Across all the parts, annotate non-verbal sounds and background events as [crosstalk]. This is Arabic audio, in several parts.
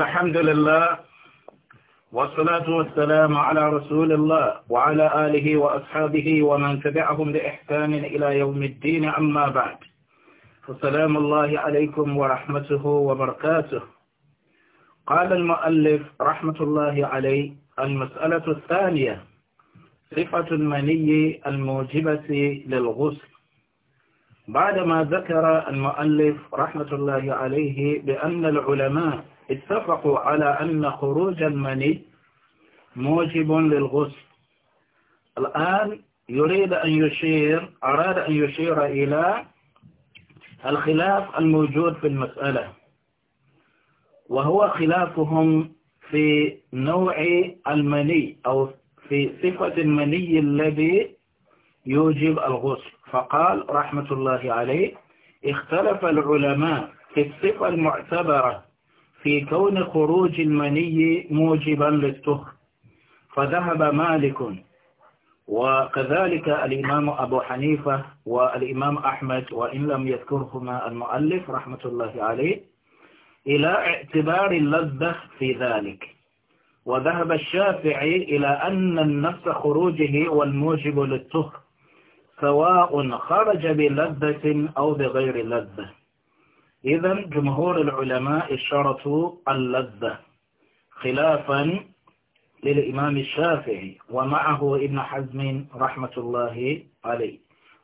الحمد لله والصلاة والسلام على رسول الله وعلى آله وأصحابه ومن تبعهم بإحسان إلى يوم الدين أما بعد فسلام الله عليكم ورحمته وبركاته قال المؤلف رحمة الله عليه المسألة الثانية صفة المني الموجبة للغسل بعدما ذكر المؤلف رحمة الله عليه بأن العلماء اتفقوا على أن خروج المني موجب للغسل الآن يريد أن يشير أراد أن يشير إلى الخلاف الموجود في المسألة وهو خلافهم في نوع المني أو في صفة المني الذي يوجب الغسل فقال رحمة الله عليه اختلف العلماء في الصفة المعتبرة في كون خروج المني موجبا للطهر فذهب مالك وكذلك الإمام أبو حنيفة والإمام أحمد وإن لم يذكرهما المؤلف رحمة الله عليه إلى اعتبار اللذة في ذلك وذهب الشافعي إلى أن النفس خروجه والموجب للطهر سواء خرج بلذة أو بغير لذة إذا جمهور العلماء اشترطوا اللذة خلافا للإمام الشافعي ومعه ابن حزم رحمة الله عليه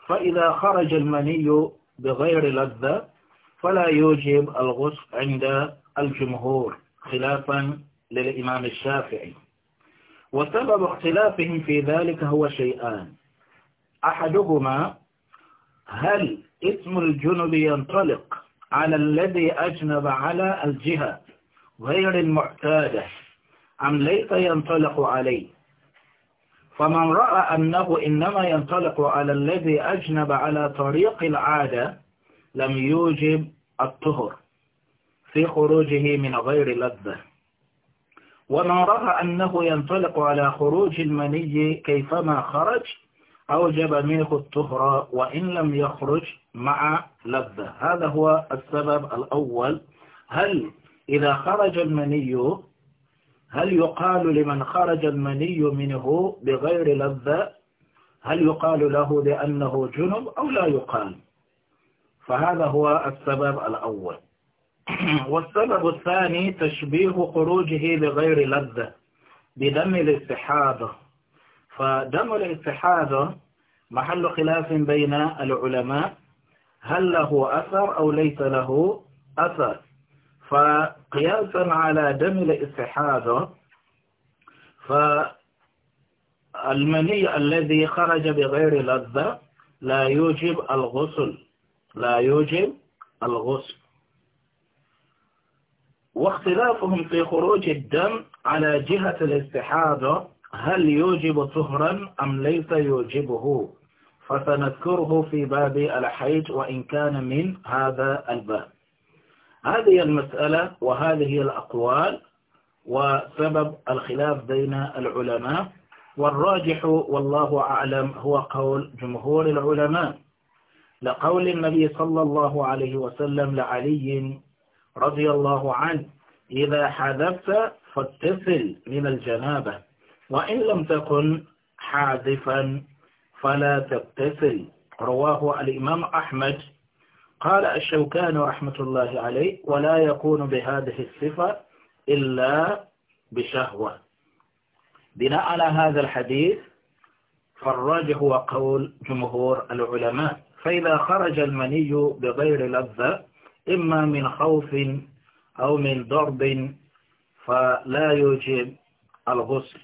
فإذا خرج المني بغير لذة فلا يوجب الغسل عند الجمهور خلافا للإمام الشافعي وسبب اختلافهم في ذلك هو شيئان أحدهما هل اسم الجنب ينطلق على الذي أجنب على الجهة غير المعتادة أم ليس ينطلق عليه فمن رأى أنه إنما ينطلق على الذي أجنب على طريق العادة لم يوجب الطهر في خروجه من غير لذة ومن رأى أنه ينطلق على خروج المني كيفما خرج أوجب منه الطهرة وإن لم يخرج مع لذة هذا هو السبب الأول هل إذا خرج المني هل يقال لمن خرج المني منه بغير لذة هل يقال له لأنه جنب أو لا يقال فهذا هو السبب الأول [clears throat] والسبب الثاني تشبيه خروجه بغير لذة بدم الاستحاضة فدم الاستحاضة محل خلاف بين العلماء هل له أثر أو ليس له أثر فقياسا على دم الاستحاضة فالمني الذي خرج بغير لذة لا يوجب الغسل لا يوجب الغسل واختلافهم في خروج الدم على جهة الاستحاضة هل يوجب طهرا أم ليس يوجبه فسنذكره في باب الحيض وإن كان من هذا الباب هذه المسألة وهذه الأقوال وسبب الخلاف بين العلماء والراجح والله أعلم هو قول جمهور العلماء لقول النبي صلى الله عليه وسلم لعلي رضي الله عنه إذا حذفت فاتصل من الجنابة وإن لم تكن حاذفا فلا تبتسل رواه الإمام أحمد قال الشوكان رحمة الله عليه ولا يكون بهذه الصفة إلا بشهوة بناء على هذا الحديث فالراجع هو قول جمهور العلماء فإذا خرج المني بغير لذة إما من خوف أو من ضرب فلا يوجب الغسل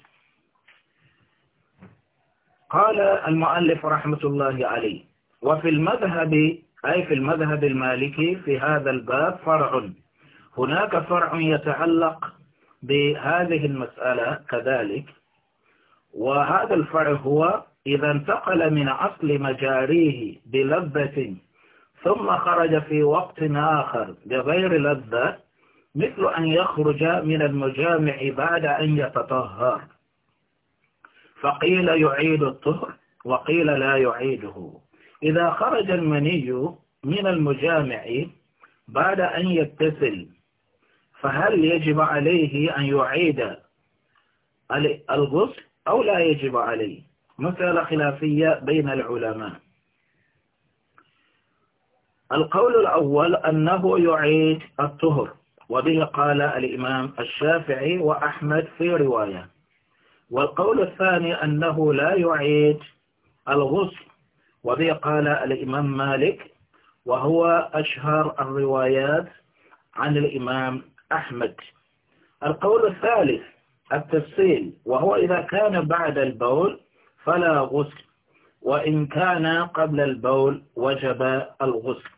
قال المؤلف رحمة الله عليه وفي المذهب أي في المذهب المالكي في هذا الباب فرع هناك فرع يتعلق بهذه المسألة كذلك وهذا الفرع هو إذا انتقل من أصل مجاريه بلذة ثم خرج في وقت آخر بغير لذة مثل أن يخرج من المجامع بعد أن يتطهر فقيل يعيد الطهر وقيل لا يعيده إذا خرج المني من المجامع بعد أن يتسل فهل يجب عليه أن يعيد الغسل أو لا يجب عليه مسألة خلافية بين العلماء القول الأول أنه يعيد الطهر وبه قال الإمام الشافعي وأحمد في رواية والقول الثاني أنه لا يعيد الغسل وبه قال الإمام مالك وهو أشهر الروايات عن الإمام أحمد القول الثالث التفصيل وهو إذا كان بعد البول فلا غسل وإن كان قبل البول وجب الغسل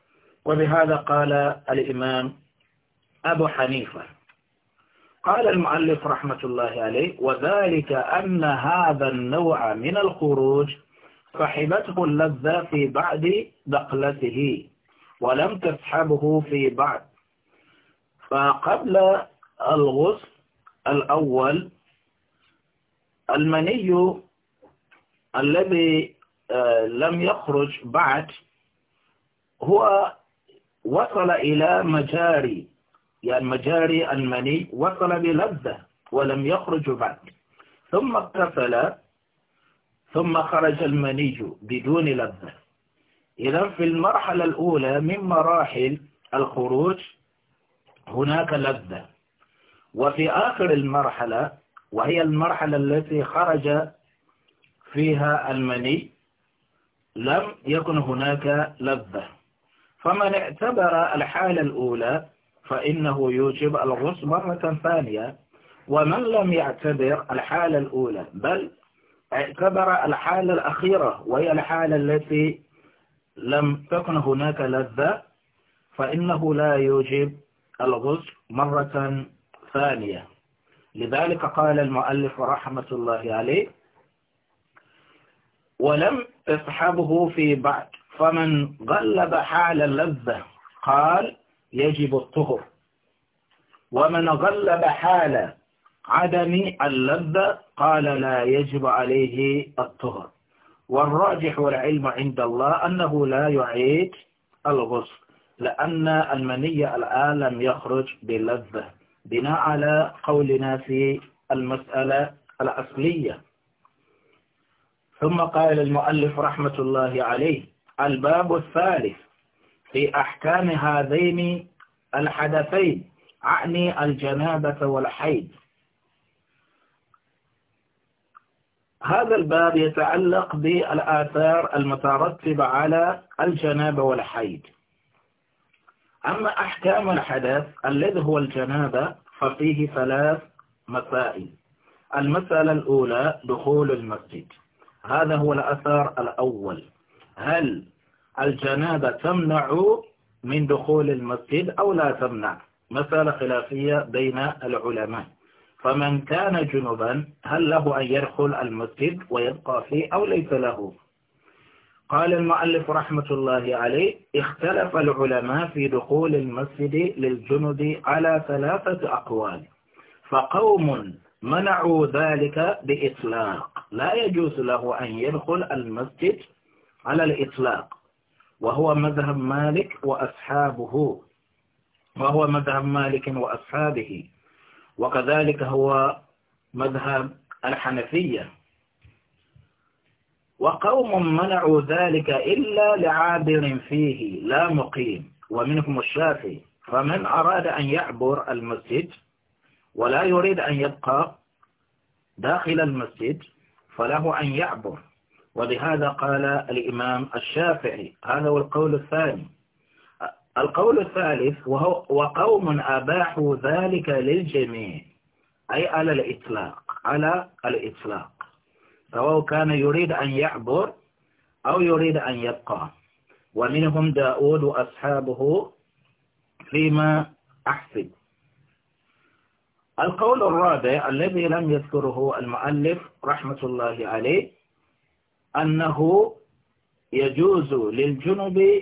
وبهذا قال الإمام أبو حنيفة قال المؤلف رحمة الله عليه وذلك أن هذا النوع من الخروج صحبته اللذة في بعد دقلته ولم تسحبه في بعد فقبل الغسل الأول المني الذي آه، لم يخرج بعد هو وصل إلى مجاري يعني مجاري المني وصل بلذة ولم يخرج بعد ثم اغتسل ثم خرج المني بدون لذة إذا في المرحلة الأولى من مراحل الخروج هناك لذة وفي آخر المرحلة وهي المرحلة التي خرج فيها المني لم يكن هناك لذة فمن اعتبر الحالة الأولى فإنه يوجب الغص مرة ثانية ومن لم يعتبر الحالة الأولى بل اعتبر الحالة الأخيرة وهي الحالة التي لم تكن هناك لذة فإنه لا يوجب الغص مرة ثانية لذلك قال المؤلف رحمة الله عليه ولم تصحبه في بعد فمن غلب حال اللذة قال يجب الطهر ومن غلب حال عدم اللذة قال لا يجب عليه الطهر والراجح والعلم عند الله أنه لا يعيد الغسل لأن المني الآن لم يخرج بلذة بناء على قولنا في المسألة الأصلية ثم قال المؤلف رحمة الله عليه الباب الثالث في أحكام هذين الحدثين أعني الجنابة والحيض هذا الباب يتعلق بالآثار المترتبة على الجنابة والحيض أما أحكام الحدث الذي هو الجنابة ففيه ثلاث مسائل المسألة الأولى دخول المسجد هذا هو الأثر الأول هل الجنابة تمنع من دخول المسجد أو لا تمنع مسألة خلافية بين العلماء فمن كان جنبا هل له أن يدخل المسجد ويبقى فيه أو ليس له قال المؤلف رحمة الله عليه اختلف العلماء في دخول المسجد للجند على ثلاثة أقوال فقوم منعوا ذلك بإطلاق لا يجوز له أن يدخل المسجد على الإطلاق وهو مذهب مالك وأصحابه وهو مذهب مالك وأصحابه وكذلك هو مذهب الحنفية وقوم منعوا ذلك إلا لعابر فيه لا مقيم ومنهم الشافعي فمن أراد أن يعبر المسجد ولا يريد أن يبقى داخل المسجد فله أن يعبر ولهذا قال الإمام الشافعي هذا هو القول الثاني القول الثالث وهو وقوم أباحوا ذلك للجميع أي على الإطلاق على الإطلاق سواء كان يريد أن يعبر أو يريد أن يبقى ومنهم داود وأصحابه فيما أحسب القول الرابع الذي لم يذكره المؤلف رحمة الله عليه أنه يجوز للجنب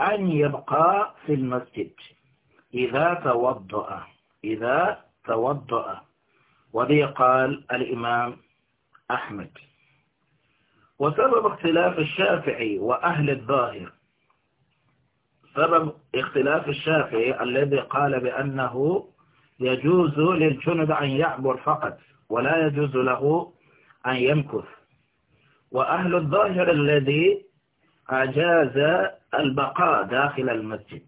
أن يبقى في المسجد إذا توضأ إذا توضأ وذي قال الإمام أحمد وسبب اختلاف الشافعي وأهل الظاهر سبب اختلاف الشافعي الذي قال بأنه يجوز للجنب أن يعبر فقط ولا يجوز له أن يمكث وأهل الظاهر الذي أجاز البقاء داخل المسجد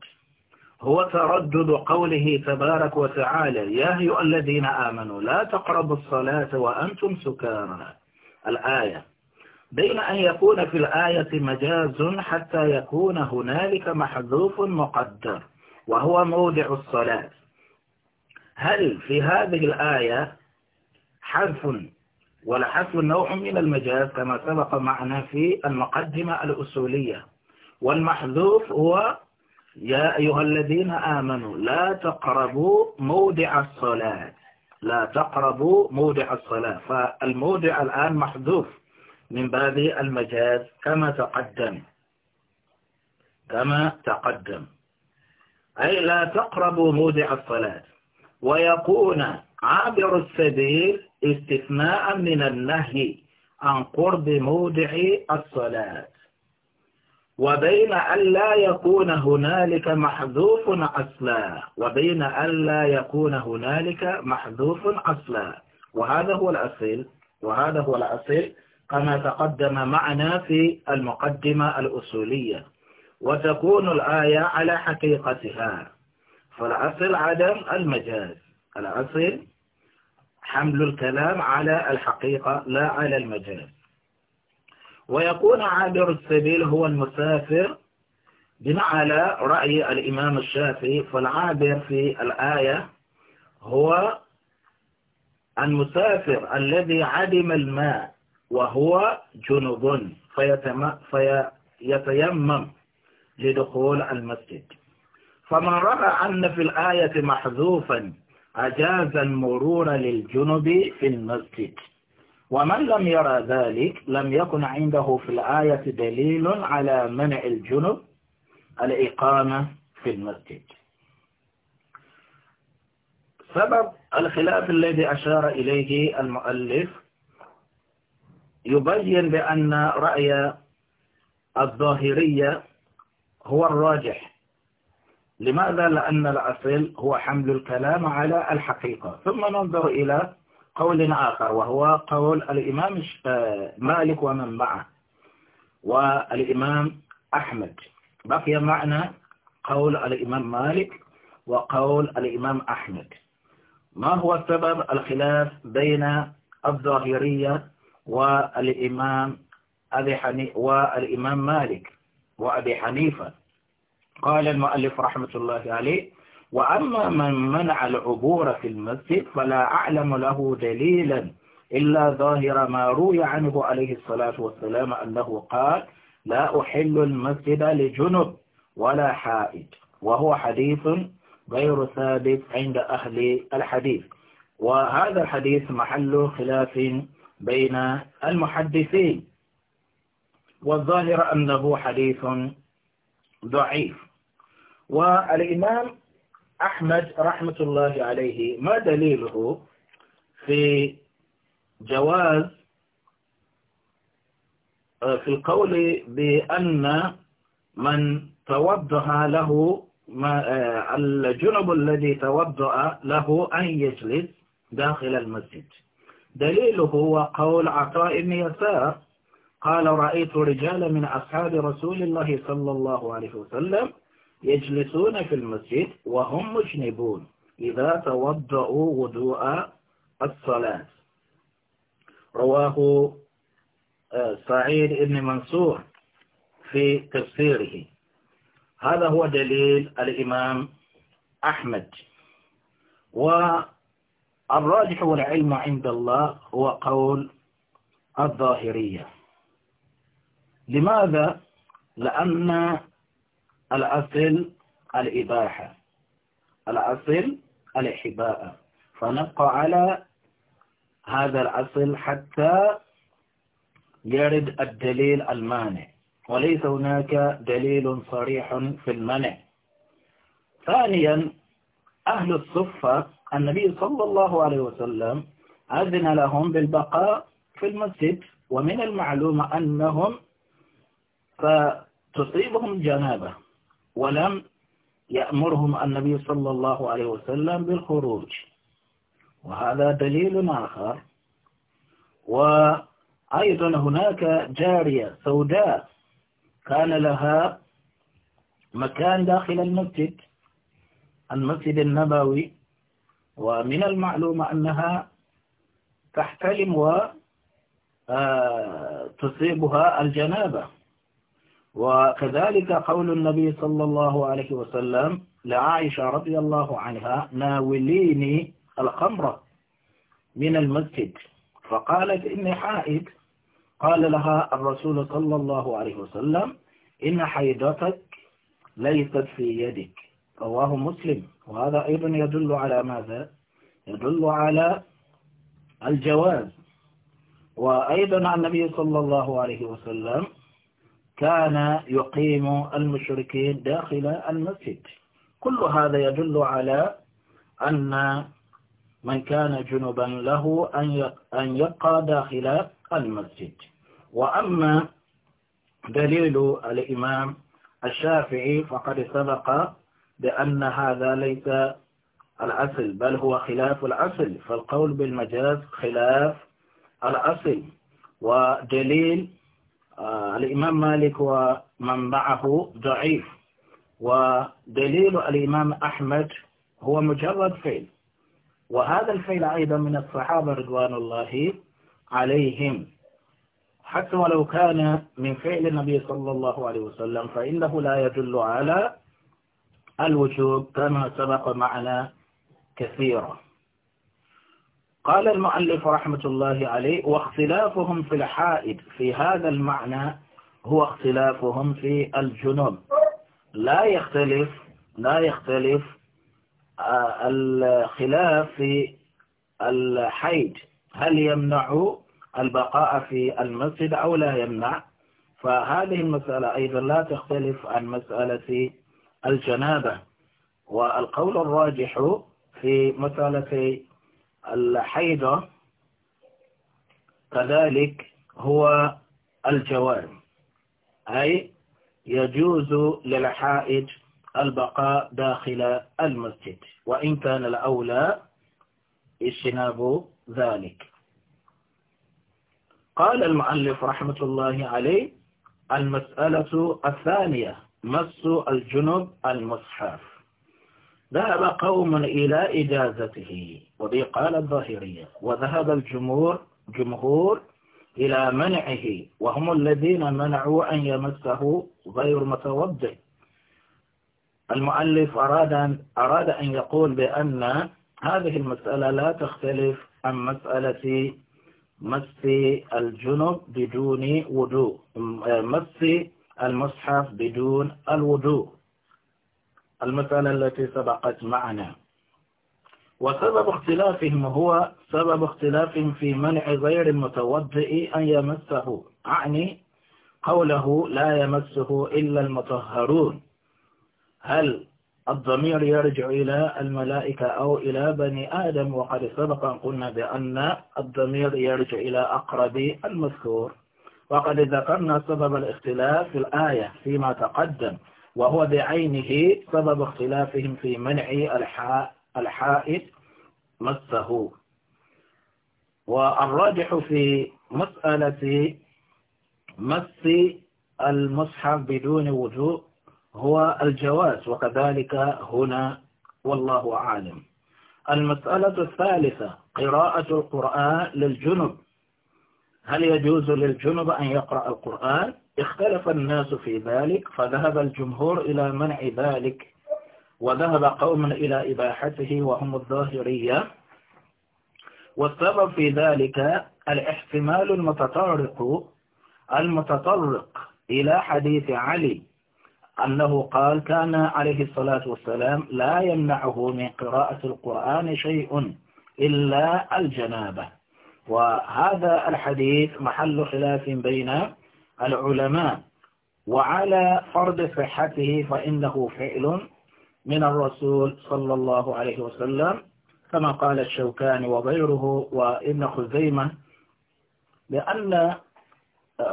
هو تردد قوله تبارك وتعالى يا أيها الذين آمنوا لا تقربوا الصلاة وأنتم سكارى الآية بين أن يكون في الآية مجاز حتى يكون هنالك محذوف مقدر وهو موضع الصلاة هل في هذه الآية حرف ولحسب نوع من المجاز كما سبق معنا في المقدمة الأصولية والمحذوف هو يا أيها الذين آمنوا لا تقربوا موضع الصلاة لا تقربوا موضع الصلاة فالموضع الآن محذوف من باب المجاز كما تقدم كما تقدم أي لا تقربوا موضع الصلاة ويكون عابر السبيل استثناء من النهي عن قرب موضع الصلاة وبين أن لا يكون هنالك محذوف أصلا وبين أن لا يكون هنالك محذوف أصلا وهذا هو الأصل وهذا هو الأصل كما تقدم معنا في المقدمة الأصولية وتكون الآية على حقيقتها فالأصل عدم المجاز الأصل حمل الكلام على الحقيقة لا على المجال ويكون عابر السبيل هو المسافر بناء على رأي الإمام الشافعي فالعابر في الآية هو المسافر الذي عدم الماء وهو جنوب فيتيمم لدخول المسجد فمن رأى أن في الآية محذوفا أجاز المرور للجنب في المسجد ومن لم يرى ذلك لم يكن عنده في الآية دليل على منع الجنب الإقامة في المسجد سبب الخلاف الذي أشار إليه المؤلف يبين بأن رأي الظاهرية هو الراجح لماذا؟ لأن الأصل هو حمل الكلام على الحقيقة ثم ننظر إلى قول آخر وهو قول الإمام آه، مالك ومن معه والإمام أحمد بقي معنا قول الإمام مالك وقول الإمام أحمد ما هو سبب الخلاف بين الظاهرية والإمام أبي حني والإمام مالك وأبي حنيفة قال المؤلف رحمة الله عليه وأما من منع العبور في المسجد فلا أعلم له دليلا إلا ظاهر ما روي عنه عليه الصلاة والسلام أنه قال لا أحل المسجد لجنب ولا حائد وهو حديث غير ثابت عند أهل الحديث وهذا الحديث محل خلاف بين المحدثين والظاهر أنه حديث ضعيف والإمام أحمد رحمة الله عليه ما دليله في جواز آه، في القول بأن من توضأ له ما آه، الجنب الذي توضأ له أن يجلس داخل المسجد دليله هو قول عطاء بن يسار قال رأيت رجالا من أصحاب رسول الله صلى الله عليه وسلم يجلسون في المسجد وهم مجنبون إذا توضأوا وضوء الصلاة رواه آه، سعيد بن منصور في تفسيره هذا هو دليل الإمام أحمد والراجح والعلم عند الله هو قول الظاهرية لماذا؟ لأن الأصل الإباحة الأصل الإحباء فنبقى على هذا الأصل حتى يرد الدليل المانع وليس هناك دليل صريح في المنع ثانيا أهل الصفة النبي صلى الله عليه وسلم أذن لهم بالبقاء في المسجد ومن المعلوم أنهم فتصيبهم جنابة ولم يأمرهم النبي صلى الله عليه وسلم بالخروج وهذا دليل آخر وأيضا هناك جارية سوداء كان لها مكان داخل المسجد المسجد النبوي ومن المعلوم أنها تحتلم وتصيبها آه، الجنابة وكذلك قول النبي صلى الله عليه وسلم لعائشة رضي الله عنها ناوليني الخمرة من المسجد فقالت إني حائد قال لها الرسول صلى الله عليه وسلم إن حيدتك ليست في يدك رواه مسلم وهذا أيضا يدل على ماذا يدل على الجواز وأيضا عن النبي صلى الله عليه وسلم كان يقيم المشركين داخل المسجد كل هذا يدل على أن من كان جنبا له أن يبقى داخل المسجد وأما دليل الإمام الشافعي فقد سبق بأن هذا ليس الأصل بل هو خلاف الأصل فالقول بالمجاز خلاف الأصل ودليل آه، الإمام مالك ومنبعه ضعيف ودليل الإمام أحمد هو مجرد فيل وهذا الفيل أيضا من الصحابة رضوان الله عليهم حتى ولو كان من فعل النبي صلى الله عليه وسلم فإنه لا يدل على الوجوب كما سبق معنا كثيرا قال المؤلف رحمة الله عليه واختلافهم في الحائد في هذا المعنى هو اختلافهم في الجنوب لا يختلف لا يختلف آه، الخلاف في الحيد هل يمنع البقاء في المسجد أو لا يمنع فهذه المسألة أيضا لا تختلف عن مسألة الجنابة والقول الراجح في مسألة الحيضة كذلك هو الجواز أي يجوز للحائج البقاء داخل المسجد وإن كان الأولى اجتناب ذلك قال المؤلف رحمة الله عليه المسألة الثانية مس الجنب المصحف ذهب قوم إلى إجازته وبه قال الظاهرية وذهب الجمهور جمهور إلى منعه وهم الذين منعوا أن يمسه غير متوضئ المؤلف أراد أن, أراد أن يقول بأن هذه المسألة لا تختلف عن مسألة مس الجنب بدون وضوء مس المصحف بدون الوضوء المسألة التي سبقت معنا وسبب اختلافهم هو سبب اختلافهم في منع غير المتوضئ أن يمسه أعني قوله لا يمسه إلا المطهرون هل الضمير يرجع إلى الملائكة أو إلى بني آدم وقد سبق أن قلنا بأن الضمير يرجع إلى أقرب المذكور وقد ذكرنا سبب الاختلاف في الآية فيما تقدم وهو بعينه سبب اختلافهم في منع الحائط مسه والراجح في مسألة مس المصحف بدون وجوء هو الجواز وكذلك هنا والله أعلم المسألة الثالثة قراءة القرآن للجنب هل يجوز للجنب أن يقرأ القرآن اختلف الناس في ذلك فذهب الجمهور إلى منع ذلك وذهب قوم إلى إباحته وهم الظاهرية والسبب في ذلك الاحتمال المتطرق المتطرق إلى حديث علي أنه قال كان عليه الصلاة والسلام لا يمنعه من قراءة القرآن شيء إلا الجنابة وهذا الحديث محل خلاف بين العلماء وعلى فرض صحته فإنه فعل من الرسول صلى الله عليه وسلم كما قال الشوكاني وغيره وابن خزيمة بأن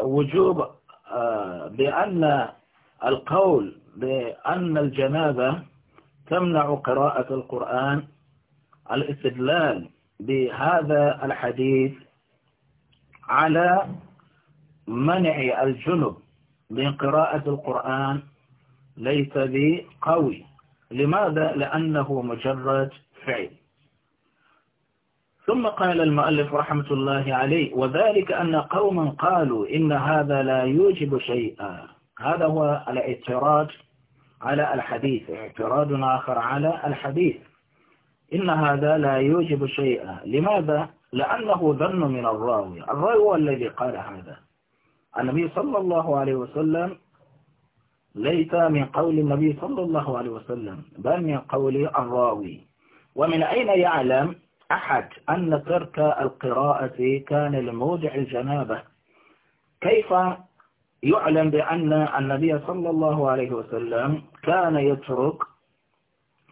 وجوب بأن القول بأن الجنابة تمنع قراءة القرآن الاستدلال بهذا الحديث على منع الجنب من قراءة القرآن ليس بقوي لماذا؟ لأنه مجرد فعل ثم قال المؤلف رحمة الله عليه وذلك أن قوما قالوا إن هذا لا يوجب شيئا هذا هو الاعتراض على الحديث اعتراض آخر على الحديث إن هذا لا يوجب شيئا لماذا؟ لأنه ظن من الراوي الراوي هو الذي قال هذا النبي صلى الله عليه وسلم ليس من قول النبي صلى الله عليه وسلم بل من قول الراوي ومن أين يعلم أحد أن ترك القراءة كان لموضع الجنابة كيف يعلم بأن النبي صلى الله عليه وسلم كان يترك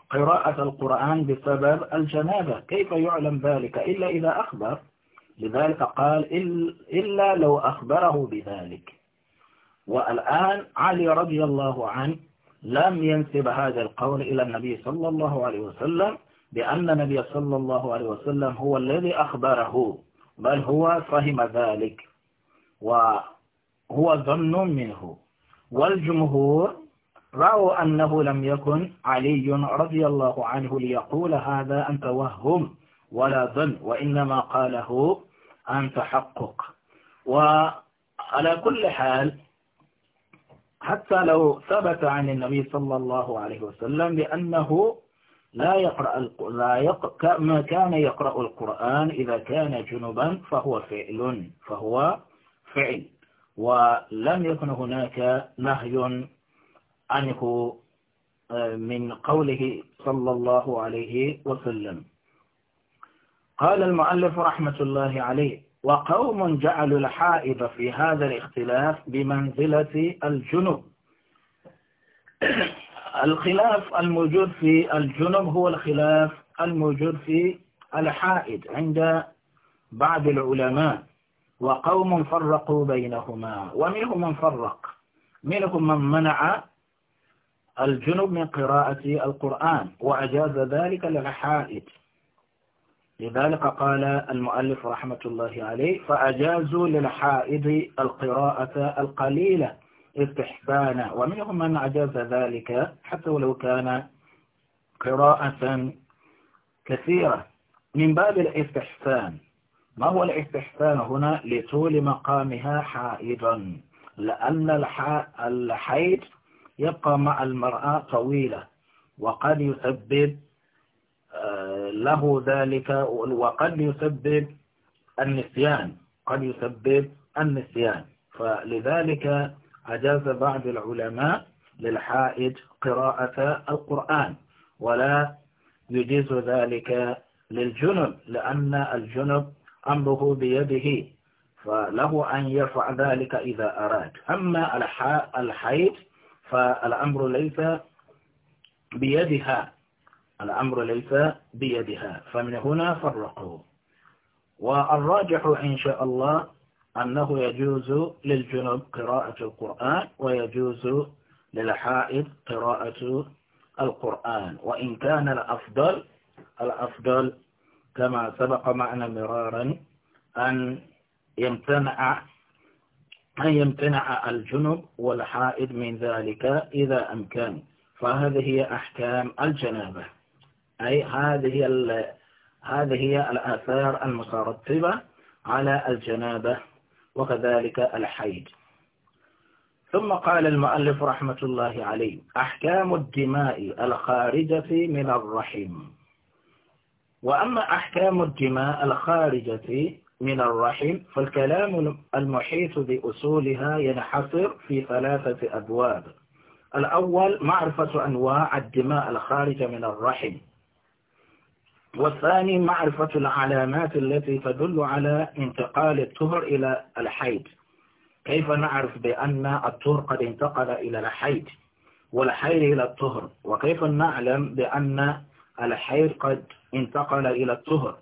قراءة القرآن بسبب الجنابة كيف يعلم ذلك إلا إذا أخبر لذلك قال إلا لو أخبره بذلك والآن علي رضي الله عنه لم ينسب هذا القول إلى النبي صلى الله عليه وسلم بأن النبي صلى الله عليه وسلم هو الذي أخبره بل هو فهم ذلك وهو ظن منه والجمهور رأوا أنه لم يكن علي رضي الله عنه ليقول هذا أن توهم ولا ظن وإنما قاله عن تحقق وعلى كل حال حتى لو ثبت عن النبي صلى الله عليه وسلم بأنه لا يقرأ لا يقرأ ما كان يقرأ القرآن إذا كان جنبا فهو فعل فهو فعل ولم يكن هناك نهي عنه آه، من قوله صلى الله عليه وسلم قال المؤلف رحمة الله عليه وقوم جعلوا الحائض في هذا الاختلاف بمنزلة الجنب [coughs] الخلاف الموجود في الجنب هو الخلاف الموجود في الحائض عند بعض العلماء وقوم فرقوا بينهما ومنهم من فرق منهم من منع الجنب من قراءة القرآن وأجاز ذلك للحائد لذلك قال المؤلف رحمة الله عليه فأجازوا للحائض القراءة القليلة استحسانا ومنهم من أجاز ذلك حتى ولو كان قراءة كثيرة من باب الاستحسان ما هو الاستحسان هنا لطول مقامها حائضا لأن الحيض يبقى مع المرأة طويلة وقد يسبب له ذلك وقد يسبب النسيان قد يسبب النسيان فلذلك أجاز بعض العلماء للحائج قراءة القرآن ولا يجيز ذلك للجنب لأن الجنب أمره بيده فله أن يرفع ذلك إذا أراد أما الحائج فالأمر ليس بيدها الأمر ليس بيدها فمن هنا فرقوا والراجح إن شاء الله أنه يجوز للجنب قراءة القرآن ويجوز للحائد قراءة القرآن وإن كان الأفضل الأفضل كما سبق معنا مرارا أن يمتنع أن يمتنع الجنب والحائد من ذلك إذا أمكن فهذه هي أحكام الجنابة أي هذه هذه هي الآثار المترتبة على الجنابة وكذلك الحيض ثم قال المؤلف رحمة الله عليه أحكام الدماء الخارجة من الرحم وأما أحكام الدماء الخارجة من الرحم فالكلام المحيط بأصولها ينحصر في ثلاثة أبواب الأول معرفة أنواع الدماء الخارجة من الرحم والثاني معرفة العلامات التي تدل على انتقال الطهر إلى الحيض كيف نعرف بأن الطهر قد انتقل إلى الحيض والحيض إلى الطهر وكيف نعلم بأن الحيض قد انتقل إلى الطهر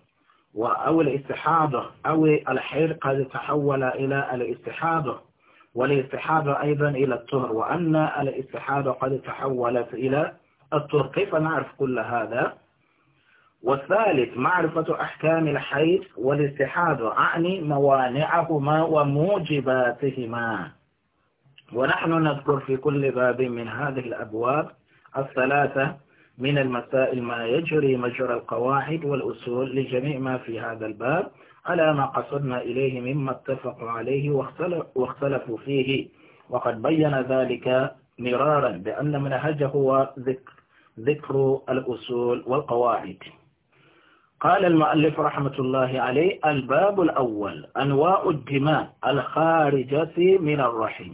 أو الاستحاضة أو الحيض قد تحول إلى الاستحاضة والاستحاضة أيضا إلى الطهر وأن الاستحاضة قد تحولت إلى الطهر كيف نعرف كل هذا؟ والثالث معرفة أحكام الحيض والاتحاد أعني موانعهما وموجباتهما ونحن نذكر في كل باب من هذه الأبواب الثلاثة من المسائل ما يجري مجرى القواعد والأصول لجميع ما في هذا الباب على ما قصدنا إليه مما اتفقوا عليه واختلفوا فيه وقد بين ذلك مرارا بأن منهجه هو ذكر, ذكر الأصول والقواعد قال المؤلف رحمة الله عليه الباب الأول أنواع الدماء الخارجة من الرحم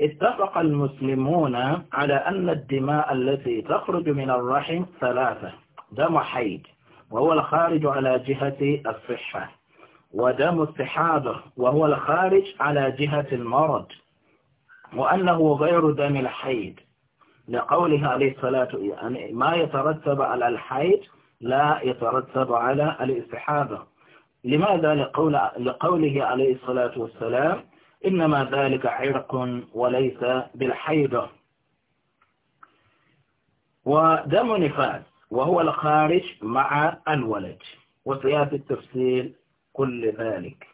اتفق المسلمون على أن الدماء التي تخرج من الرحم ثلاثة دم حيد وهو الخارج على جهة الصحة ودم استحاضة وهو الخارج على جهة المرض وأنه غير دم الحيد لقوله عليه الصلاة يعني ما يترتب على الحيد لا يترتب على الاستحابة لماذا لقول لقوله عليه الصلاة والسلام إنما ذلك عرق وليس بالحيضة ودم نفاس وهو الخارج مع الولد وسيأتي التفسير كل ذلك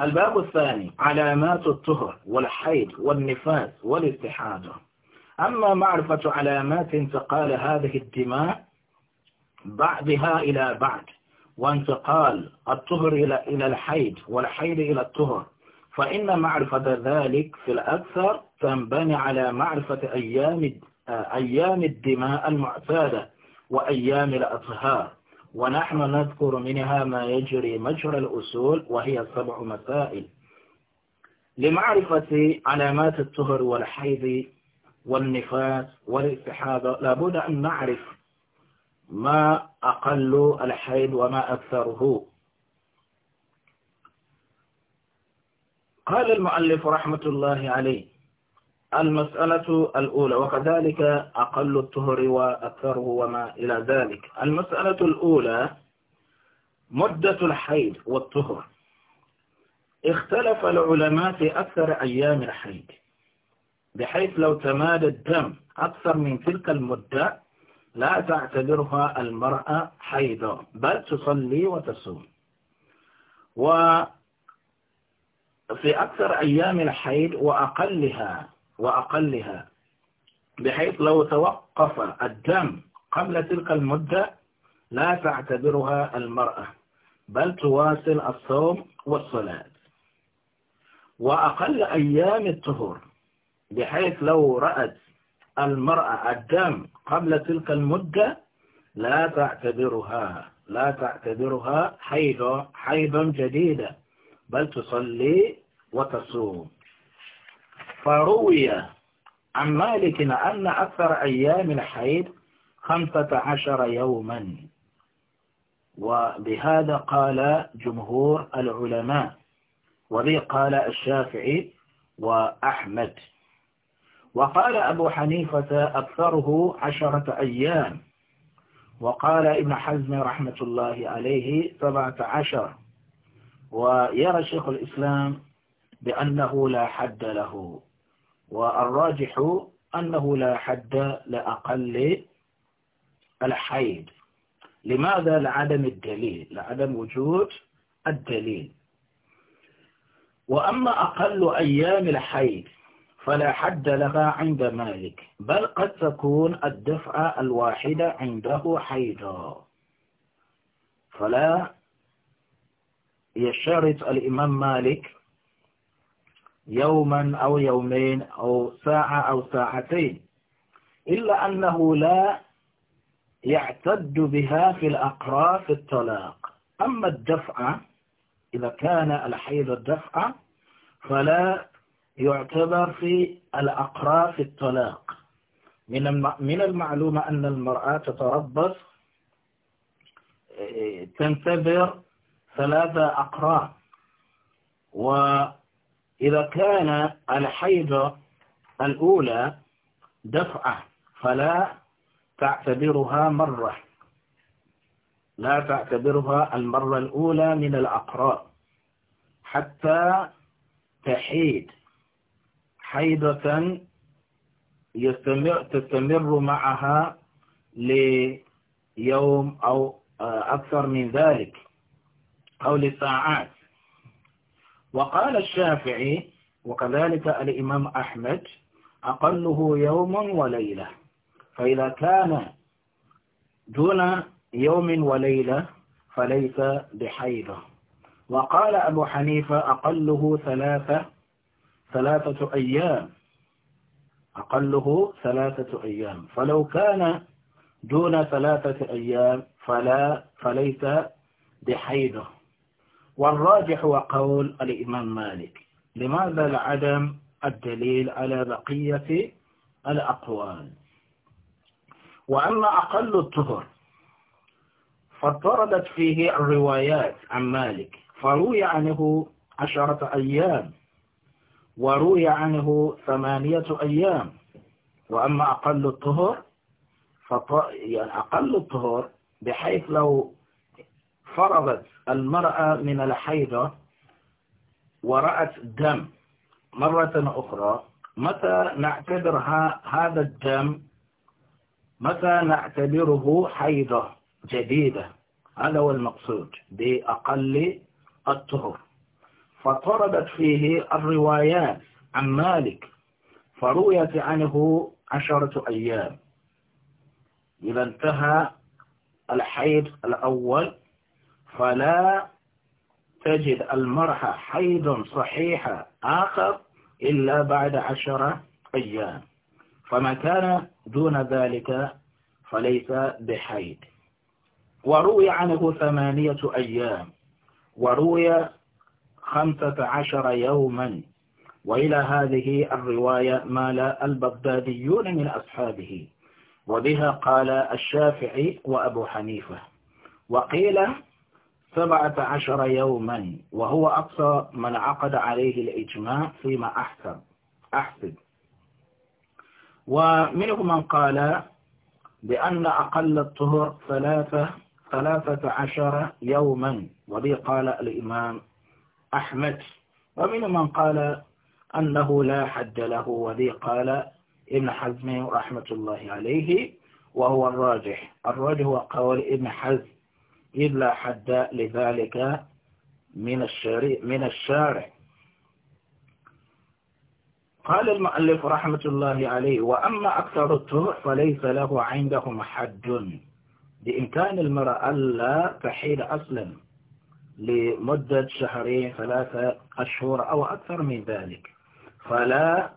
الباب الثاني علامات الطهر والحيض والنفاس والاستحاضة أما معرفة علامات انتقال هذه الدماء بعدها إلى بعد وانتقال الطهر إلى إلى الحيض والحيض إلى الطهر فإن معرفة ذلك في الأكثر تنبني على معرفة أيام أيام الدماء المعتادة وأيام الأطهار ونحن نذكر منها ما يجري مجرى الأصول وهي سبع مسائل لمعرفة علامات الطهر والحيض والنفاس والاستحاضة لابد أن نعرف ما أقل الحيض وما أكثره قال المؤلف رحمة الله عليه المسألة الأولى وكذلك أقل الطهر وأكثره وما إلى ذلك المسألة الأولى مدة الحيض والطهر اختلف العلماء في أكثر أيام الحيض بحيث لو تماد الدم أكثر من تلك المدة لا تعتبرها المرأة حيضة بل تصلي وتصوم وفي أكثر أيام الحيض وأقلها وأقلها بحيث لو توقف الدم قبل تلك المدة لا تعتبرها المرأة بل تواصل الصوم والصلاة وأقل أيام الطهور بحيث لو رأت المرأة الدم قبل تلك المدة لا تعتبرها لا تعتبرها حيض حيضا جديدة بل تصلي وتصوم فروي عن مالك أن أكثر أيام الحيض خمسة عشر يوما وبهذا قال جمهور العلماء وبه قال الشافعي وأحمد وقال أبو حنيفة أكثره عشرة أيام وقال ابن حزم رحمة الله عليه سبعة عشر ويرى شيخ الإسلام بأنه لا حد له والراجح أنه لا حد لأقل الحيد لماذا لعدم الدليل لعدم وجود الدليل وأما أقل أيام الحيد فلا حد لها عند مالك بل قد تكون الدفعة الواحدة عنده حيضا فلا يشارط الإمام مالك يوما أو يومين أو ساعة أو ساعتين إلا أنه لا يعتد بها في الأقراء في الطلاق أما الدفعة إذا كان الحيض الدفعة فلا يعتبر في الأقرى في الطلاق من المعلومة المعلوم أن المرأة تتربص آه، تنتظر ثلاثة أقراء وإذا كان الحيض الأولى دفعة فلا تعتبرها مرة لا تعتبرها المرة الأولى من الأقراء حتى تحيد حيضة يستمر تستمر معها ليوم أو آه، أكثر من ذلك أو لساعات وقال الشافعي وكذلك الإمام أحمد أقله يوم وليلة فإذا كان دون يوم وليلة فليس بحيضة وقال أبو حنيفة أقله ثلاثة ثلاثة أيام أقله ثلاثة أيام فلو كان دون ثلاثة أيام فلا فليس بحيضة والراجح هو قول الإمام مالك لماذا لعدم الدليل على بقية الأقوال وأما أقل الطهر فاضطردت فيه الروايات عن مالك فروي عنه عشرة أيام وروي عنه ثمانية أيام وأما أقل الطهر فط... يعني أقل الطهر بحيث لو فرضت المرأة من الحيضة ورأت دم مرة أخرى متى نعتبر هذا الدم متى نعتبره حيضة جديدة هذا هو المقصود بأقل الطهر فطردت فيه الروايات عن مالك فرويت عنه عشرة أيام إذا انتهى الحيض الأول فلا تجد المرحة حيض صحيحة آخر إلا بعد عشرة أيام فما كان دون ذلك فليس بحيض وروي عنه ثمانية أيام وروي خمسة عشر يوما وإلى هذه الرواية مال البغداديون من أصحابه وبها قال الشافعي وأبو حنيفة وقيل سبعة عشر يوما وهو أقصى من عقد عليه الإجماع فيما أحسب أحسب ومنهم من قال بأن أقل الطهر ثلاثة ثلاثة عشر يوما وبه قال الإمام أحمد ومن من قال أنه لا حد له وذي قال ابن حزم رحمة الله عليه وهو الراجح الراجح هو قول ابن حزم إلا حد لذلك من الشارع من الشارع قال المؤلف رحمة الله عليه وأما أكثر الطرق فليس له عندهم حد بإمكان المرأة ألا تحيد أصلا لمدة شهرين ثلاثة أشهر أو أكثر من ذلك فلا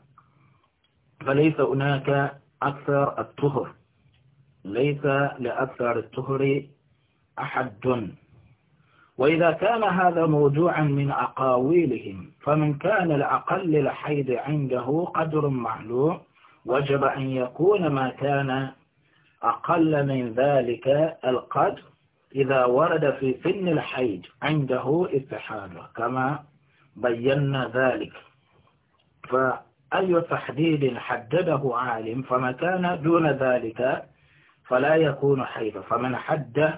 فليس هناك أكثر الطهر ليس لأكثر الطهر أحد وإذا كان هذا موضوعا من أقاويلهم فمن كان لأقل الحيض عنده قدر معلوم وجب أن يكون ما كان أقل من ذلك القدر إذا ورد في سن الحيض عنده استحاضة كما بينا ذلك فأي تحديد حدده عالم فما كان دون ذلك فلا يكون حيضا فمن حد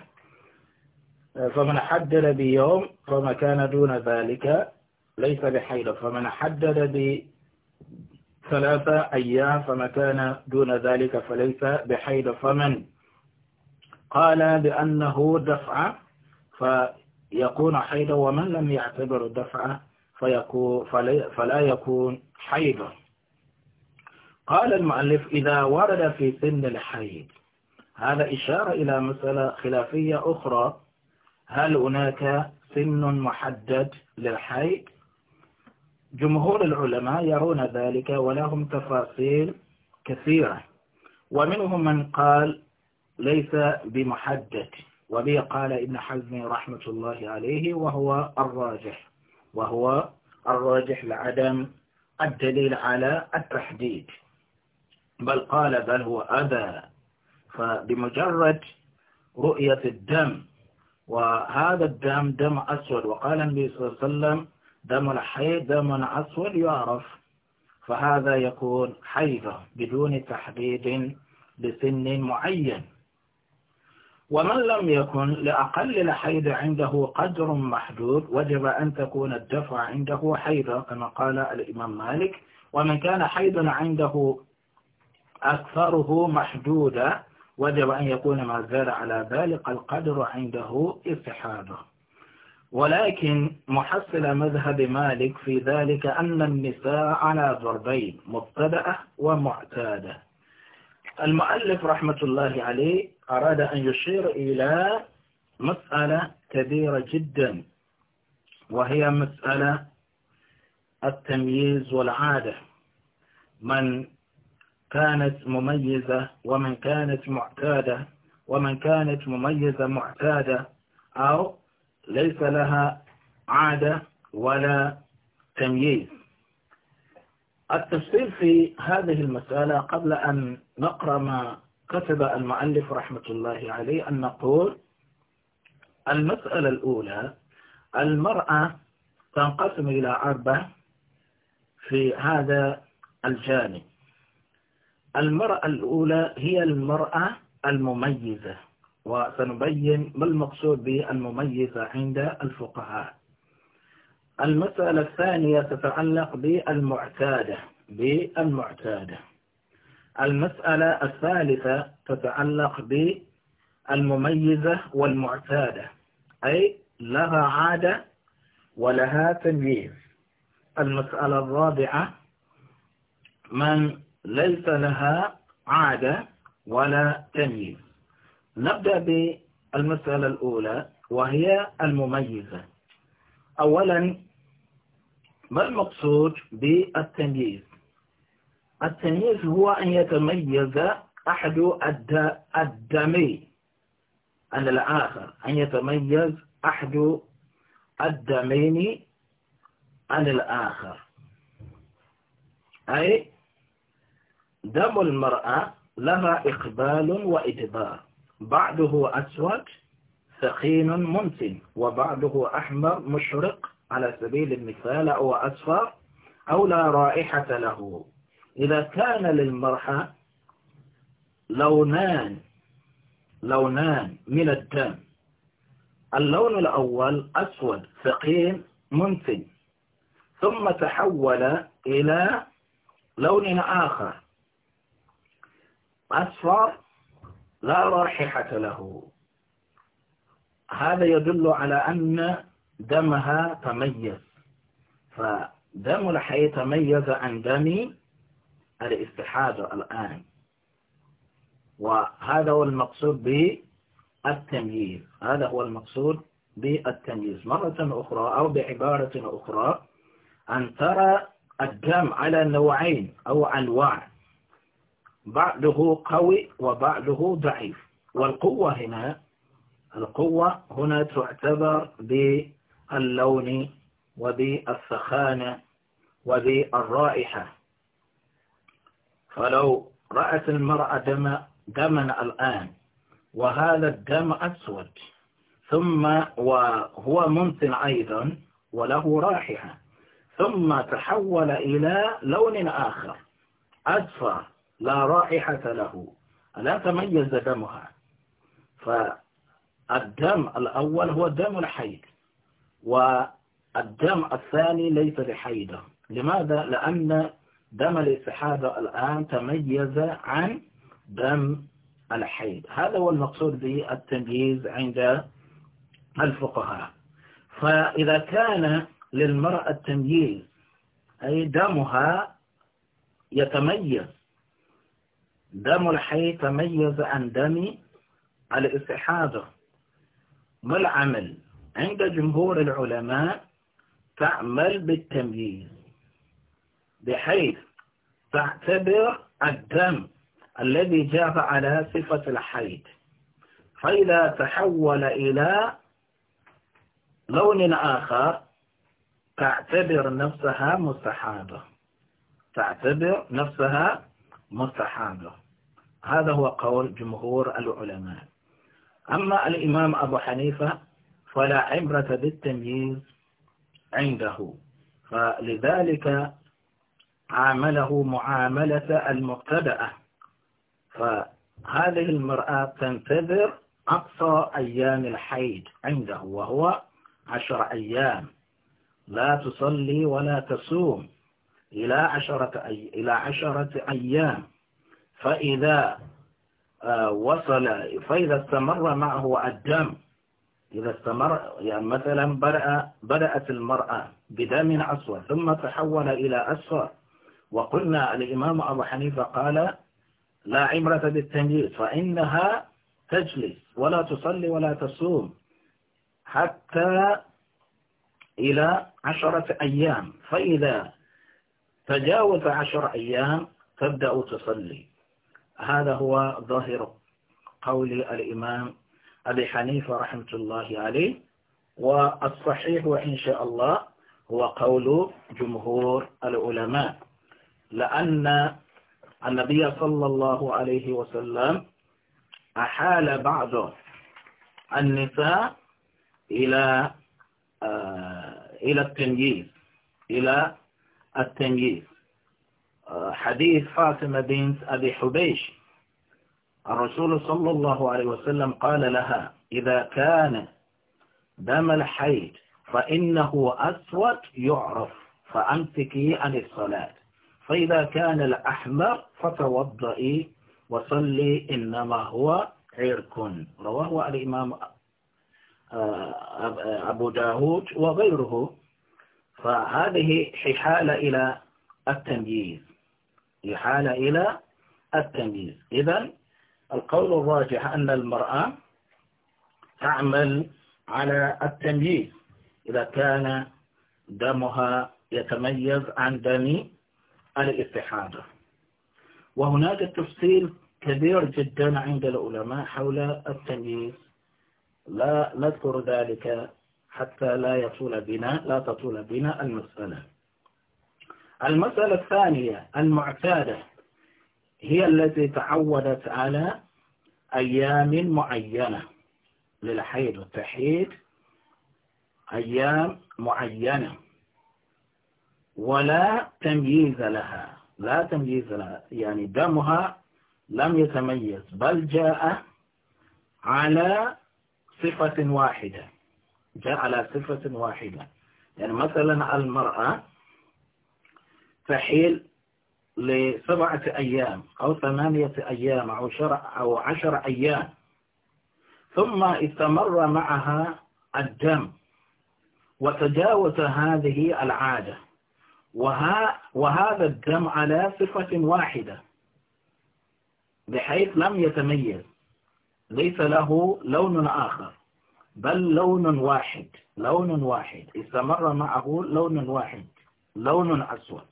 فمن حدد بيوم فما كان دون ذلك ليس بحيضا فمن حدد بثلاثة أيام فما كان دون ذلك فليس بحيض فمن قال بأنه دفع فيكون حيدا ومن لم يعتبر دفع فيكون فلا يكون حيدا قال المؤلف إذا ورد في سن الحيد هذا إشارة إلى مسألة خلافية أخرى هل هناك سن محدد للحيد جمهور العلماء يرون ذلك ولهم تفاصيل كثيرة ومنهم من قال ليس بمحدد وبه قال ابن حزم رحمة الله عليه وهو الراجح وهو الراجح لعدم الدليل على التحديد بل قال بل هو أذى فبمجرد رؤية الدم وهذا الدم دم أسود وقال النبي صلى الله عليه وسلم دم الحيض دم أسود يعرف فهذا يكون حيضة بدون تحديد لسن معين ومن لم يكن لأقل الحيض عنده قدر محدود وجب أن تكون الدفع عنده حيضا كما قال الإمام مالك ومن كان حيضا عنده أكثره محدودا وجب أن يكون ما زال على ذلك القدر عنده استحاده ولكن محصل مذهب مالك في ذلك أن النساء على ضربين مبتدأة ومعتادة المؤلف رحمة الله عليه أراد أن يشير إلى مسألة كبيرة جدا وهي مسألة التمييز والعادة من كانت مميزة ومن كانت معتادة ومن كانت مميزة معتادة أو ليس لها عادة ولا تمييز التفصيل في هذه المسألة قبل أن نقرأ ما كتب المؤلف رحمة الله عليه أن نقول المسألة الأولى المرأة تنقسم إلى أربع في هذا الجانب المرأة الأولى هي المرأة المميزة وسنبين ما المقصود بالمميزة عند الفقهاء المسألة الثانية تتعلق بالمعتادة بالمعتادة المسألة الثالثة تتعلق بالمميزة والمعتادة أي لها عادة ولها تمييز المسألة الرابعة من ليس لها عادة ولا تمييز نبدأ بالمسألة الأولى وهي المميزة أولا ما المقصود بالتمييز التمييز هو أن يتميز أحد الدمي عن الآخر أن يتميز أحد الدمين عن الآخر أي دم المرأة لها إقبال وإدبار بعضه أسود ثقيل منتن وبعضه أحمر مشرق على سبيل المثال أو أصفر أو لا رائحة له إذا كان للمرحى لونان لونان من الدم اللون الأول أسود ثقيل منتج ثم تحول إلى لون آخر أصفر لا رائحة له هذا يدل على أن دمها تميز فدم الحي تميز عن دمي الاستحاضة الآن وهذا هو المقصود بالتمييز هذا هو المقصود بالتمييز مرة أخرى أو بعبارة أخرى أن ترى الدم على نوعين أو أنواع بعضه قوي وبعضه ضعيف والقوة هنا القوة هنا تعتبر باللون وبالسخانة وبالرائحة فلو رأت المرأة دم دما الآن وهذا الدم أسود ثم وهو منتن أيضا وله رائحة ثم تحول إلى لون آخر أدفى لا رائحة له لا تميز دمها فالدم الأول هو دم الحيض والدم الثاني ليس بحيضة لماذا؟ لأن دم الاستحاضة الآن تميز عن دم الحيض هذا هو المقصود بالتمييز عند الفقهاء فإذا كان للمرأة التمييز أي دمها يتميز دم الحي تميز عن دم الاستحاضة ما العمل عند جمهور العلماء تعمل بالتمييز بحيث تعتبر الدم الذي جاء على صفة الحيض فإذا تحول إلى لون آخر تعتبر نفسها مستحابة تعتبر نفسها مستحابة هذا هو قول جمهور العلماء أما الإمام أبو حنيفة فلا عبرة بالتمييز عنده فلذلك عامله معاملة المبتدأة فهذه المرأة تنتظر أقصى أيام الحيض عنده وهو عشر أيام لا تصلي ولا تصوم إلى عشرة, أي... إلى عشرة أيام فإذا آه، وصل فإذا استمر معه الدم إذا استمر يعني مثلا بدأت المرأة بدم أصفر ثم تحول إلى أصفر وقلنا الإمام أبو حنيفة قال لا عبرة بالتمييز فإنها تجلس ولا تصلي ولا تصوم حتى إلى عشرة أيام فإذا تجاوز عشر أيام تبدأ تصلي هذا هو ظاهر قول الإمام أبي حنيفة رحمة الله عليه والصحيح إن شاء الله هو قول جمهور العلماء لأن النبي صلى الله عليه وسلم أحال بعض النساء إلى آه، إلى التنجيز إلى التنجيز آه، حديث فاطمة بنت أبي حبيش الرسول صلى الله عليه وسلم قال لها إذا كان دم الحيض فإنه أسود يعرف فأمسكي عن الصلاة فإذا كان الأحمر فتوضئي وصلي إنما هو عرق رواه الإمام آه، أبو داود وغيره فهذه حالة إلى التمييز حالة إلى التمييز إذا القول الراجح أن المرأة تعمل على التمييز إذا كان دمها يتميز عن دم الاتحاد وهناك تفصيل كبير جدا عند العلماء حول التمييز لا نذكر ذلك حتى لا يطول بنا لا تطول بنا المسألة المسألة الثانية المعتادة هي التي تعودت على أيام معينة للحيد والتحييد أيام معينة ولا تمييز لها لا تمييز لها يعني دمها لم يتميز بل جاء على صفة واحدة جاء على صفة واحدة يعني مثلا المرأة تحيل لسبعة أيام أو ثمانية أيام أو, عشر, أو عشر أيام ثم استمر معها الدم وتجاوز هذه العادة وها وهذا الدم على صفة واحدة بحيث لم يتميز ليس له لون آخر بل لون واحد لون واحد استمر معه لون واحد لون أسود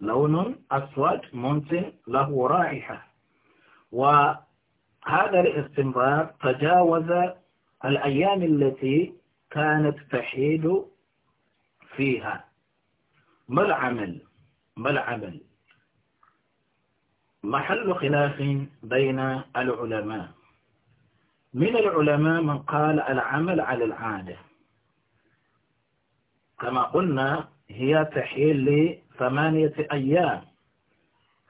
لون أسود منتن له رائحة وهذا الاستمرار تجاوز الأيام التي كانت تحيد فيها ما العمل ما العمل محل خلاف بين العلماء من العلماء من قال العمل على العادة كما قلنا هي تحيل لثمانية أيام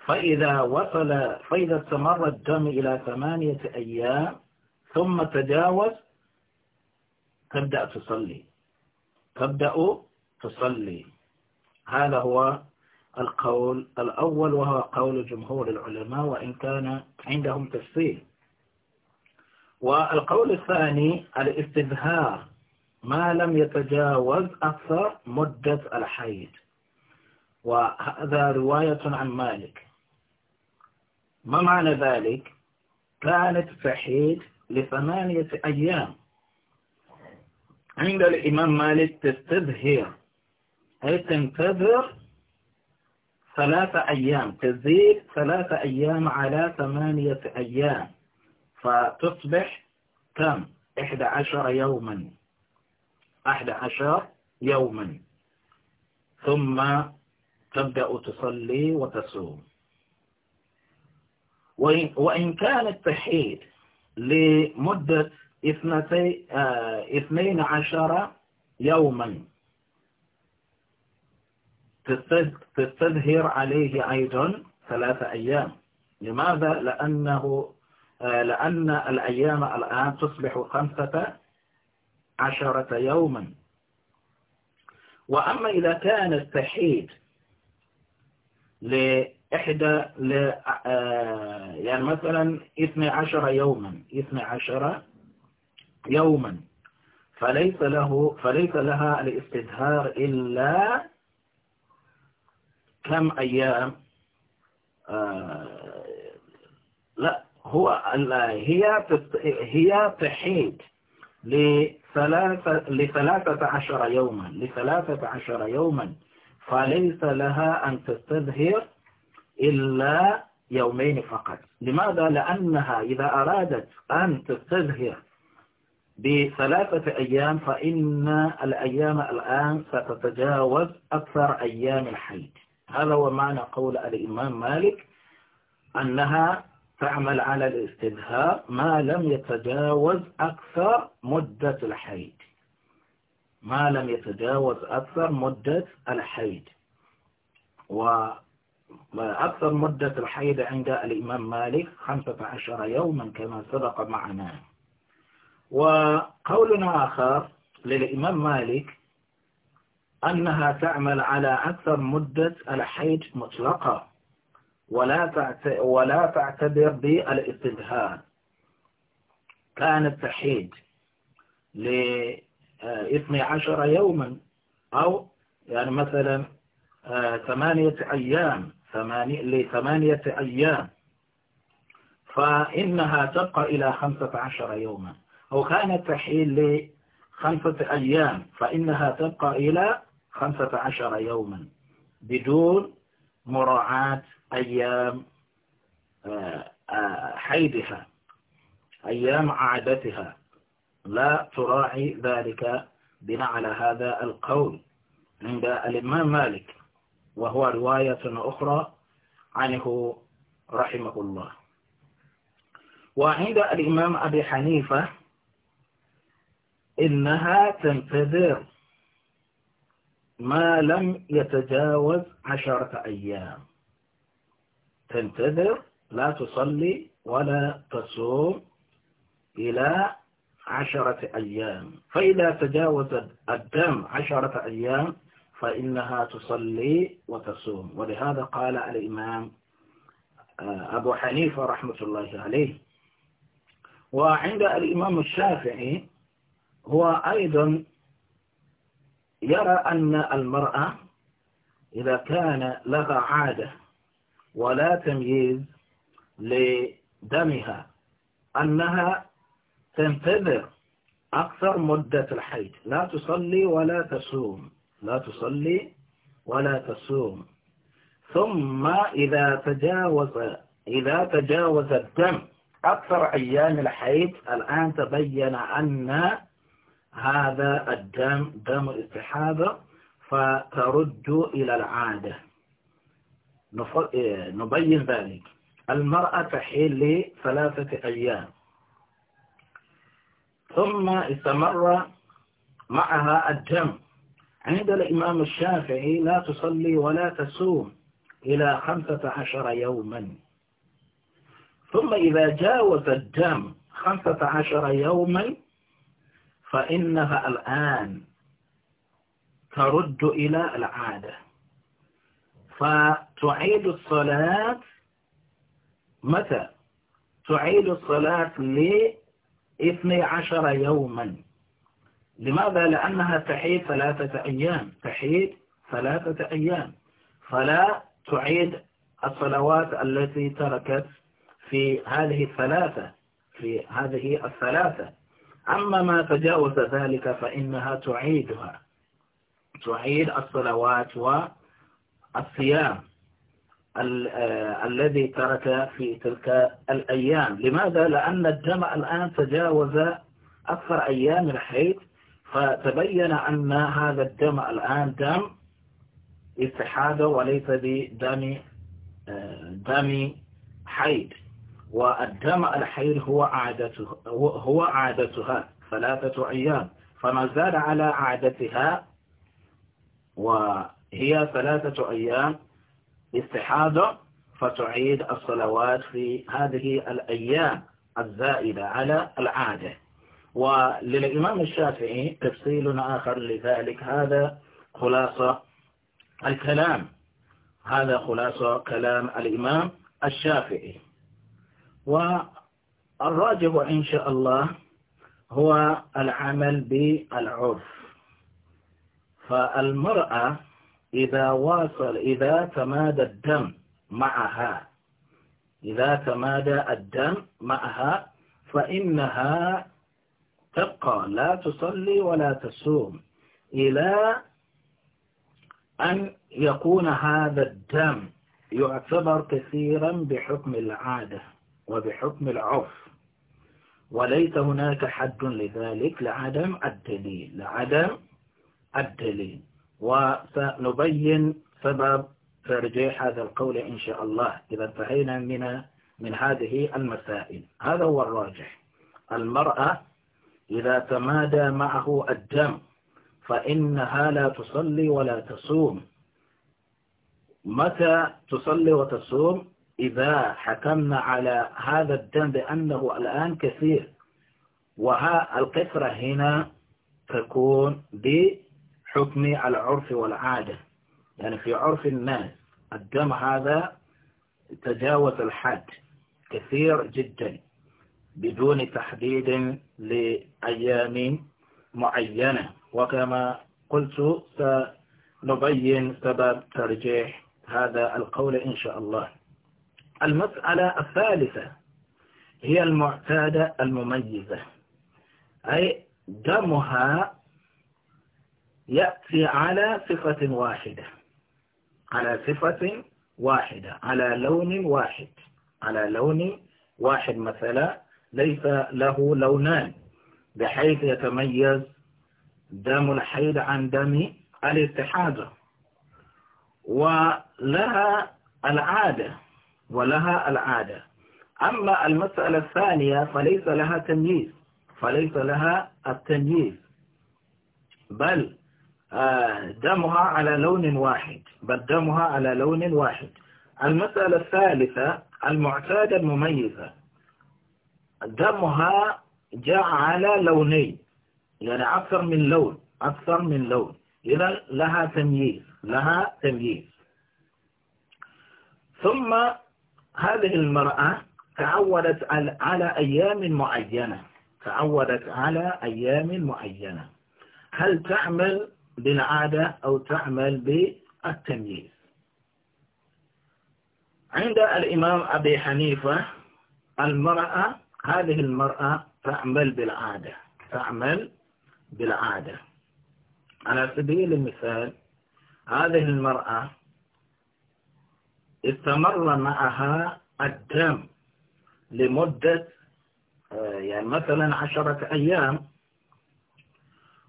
فإذا وصل فإذا استمر الدم إلى ثمانية أيام ثم تجاوز تبدأ تصلي تبدأ تصلي هذا هو القول الأول وهو قول جمهور العلماء وإن كان عندهم تفصيل والقول الثاني الاستظهار ما لم يتجاوز أكثر مدة الحيض وهذا رواية عن مالك ما معنى ذلك كانت تحيد لثمانية أيام عند الإمام مالك تستظهر تنتظر ثلاثة أيام تزيد ثلاثة أيام على ثمانية أيام فتصبح كم إحدى عشر يوما إحدى عشر يوما ثم تبدأ تصلي وتصوم وإن كانت تحيد لمدة اثنتي آه، اثنين عشر يوما تستظهر عليه أيضا ثلاثة أيام لماذا؟ لأنه آه، لأن الأيام الآن تصبح خمسة عشرة يوما وأما إذا كان التحيد لإحدى ل آه، يعني مثلا إثنى عشر يوما إثنى عشر يوما فليس له فليس لها الاستدهار إلا كم أيام آه، لا هو هي هي تحيد لثلاثة لثلاثة عشر يوما لثلاثة عشر يوما فليس لها أن تستظهر إلا يومين فقط لماذا؟ لأنها إذا أرادت أن تستظهر بثلاثة أيام فإن الأيام الآن ستتجاوز أكثر أيام الحيض هذا هو معنى قول الإمام مالك أنها تعمل على الاستدهاء ما لم يتجاوز أكثر مدة الحيض ما لم يتجاوز أكثر مدة الحيض وأكثر مدة الحيض عند الإمام مالك 15 يوما كما سبق معنا وقول آخر للإمام مالك أنها تعمل على أكثر مدة الحيج مطلقة ولا ولا تعتبر بالاستدهار كانت تحيج ل 12 آه، يوما أو يعني مثلا آه، ثمانية أيام ثمانية لثمانية أيام فإنها تبقى إلى 15 يوما أو كانت تحيل لخمسة أيام فإنها تبقى إلى خمسة عشر يوما بدون مراعاة أيام آه، آه، حيدها أيام عادتها لا تراعي ذلك بناء على هذا القول عند الإمام مالك وهو رواية أخرى عنه رحمه الله وعند الإمام أبي حنيفة إنها تنتظر ما لم يتجاوز عشرة أيام تنتظر لا تصلي ولا تصوم إلى عشرة أيام فإذا تجاوزت الدم عشرة أيام فإنها تصلي وتصوم ولهذا قال الإمام آه، أبو حنيفة رحمة الله عليه وعند الإمام الشافعي هو أيضا يرى أن المرأة إذا كان لها عادة ولا تمييز لدمها أنها تنتظر أكثر مدة الحيض لا تصلي ولا تصوم لا تصلي ولا تصوم ثم إذا تجاوز إذا تجاوز الدم أكثر أيام الحيض الآن تبين أن هذا الدم دم الاستحابة فترد إلى العادة نبين ذلك المرأة تحيل لثلاثة أيام ثم استمر معها الدم عند الإمام الشافعي لا تصلي ولا تصوم إلى خمسة عشر يوما ثم إذا جاوز الدم خمسة عشر يوما فإنها الآن ترد إلى العادة فتعيد الصلاة متى تعيد الصلاة لاثني عشر يوما لماذا لأنها تحيد ثلاثة أيام تحيد ثلاثة أيام فلا تعيد الصلوات التي تركت في هذه الثلاثة في هذه الثلاثة أما ما تجاوز ذلك فإنها تعيدها تعيد الصلوات والصيام آه، الذي ترك في تلك الأيام لماذا؟ لأن الجمع الآن تجاوز أكثر أيام الحيض فتبين أن هذا الدم الآن دم استحادة وليس بدم آه، دم حيد والدم الحيض هو عادته هو عادتها ثلاثة أيام فما زال على عادتها وهي ثلاثة أيام استحاضة فتعيد الصلوات في هذه الأيام الزائدة على العادة وللإمام الشافعي تفصيل آخر لذلك هذا خلاصة الكلام هذا خلاصة كلام الإمام الشافعي والراجح إن شاء الله هو العمل بالعرف فالمرأة إذا واصل إذا تمادى الدم معها إذا تمادى الدم معها فإنها تبقى لا تصلي ولا تصوم إلى أن يكون هذا الدم يعتبر كثيرا بحكم العادة وبحكم العرف وليس هناك حد لذلك لعدم الدليل لعدم الدليل وسنبين سبب ترجيح هذا القول إن شاء الله إذا انتهينا من من هذه المسائل هذا هو الراجح المرأة إذا تمادى معه الدم فإنها لا تصلي ولا تصوم متى تصلي وتصوم إذا حكمنا على هذا الدم بأنه الآن كثير وها القفرة هنا تكون بحكم العرف والعادة يعني في عرف الناس الدم هذا تجاوز الحد كثير جدا بدون تحديد لأيام معينة وكما قلت سنبين سبب ترجيح هذا القول إن شاء الله المسألة الثالثة هي المعتادة المميزة أي دمها يأتي على صفة واحدة على صفة واحدة على لون واحد على لون واحد مثلا ليس له لونان بحيث يتميز دم الحيض عن دم الاتحاد ولها العادة ولها العادة أما المسألة الثانية فليس لها تمييز فليس لها التمييز بل آه، دمها على لون واحد بل دمها على لون واحد المسألة الثالثة المعتادة المميزة دمها جاء على لونين يعني أكثر من لون أكثر من لون إذا لها تمييز لها تمييز ثم هذه المرأة تعودت على أيام معينة تعودت على أيام معينة هل تعمل بالعادة أو تعمل بالتمييز عند الإمام أبي حنيفة المرأة هذه المرأة تعمل بالعادة تعمل بالعادة على سبيل المثال هذه المرأة استمر معها الدم لمدة آه، يعني مثلا عشرة أيام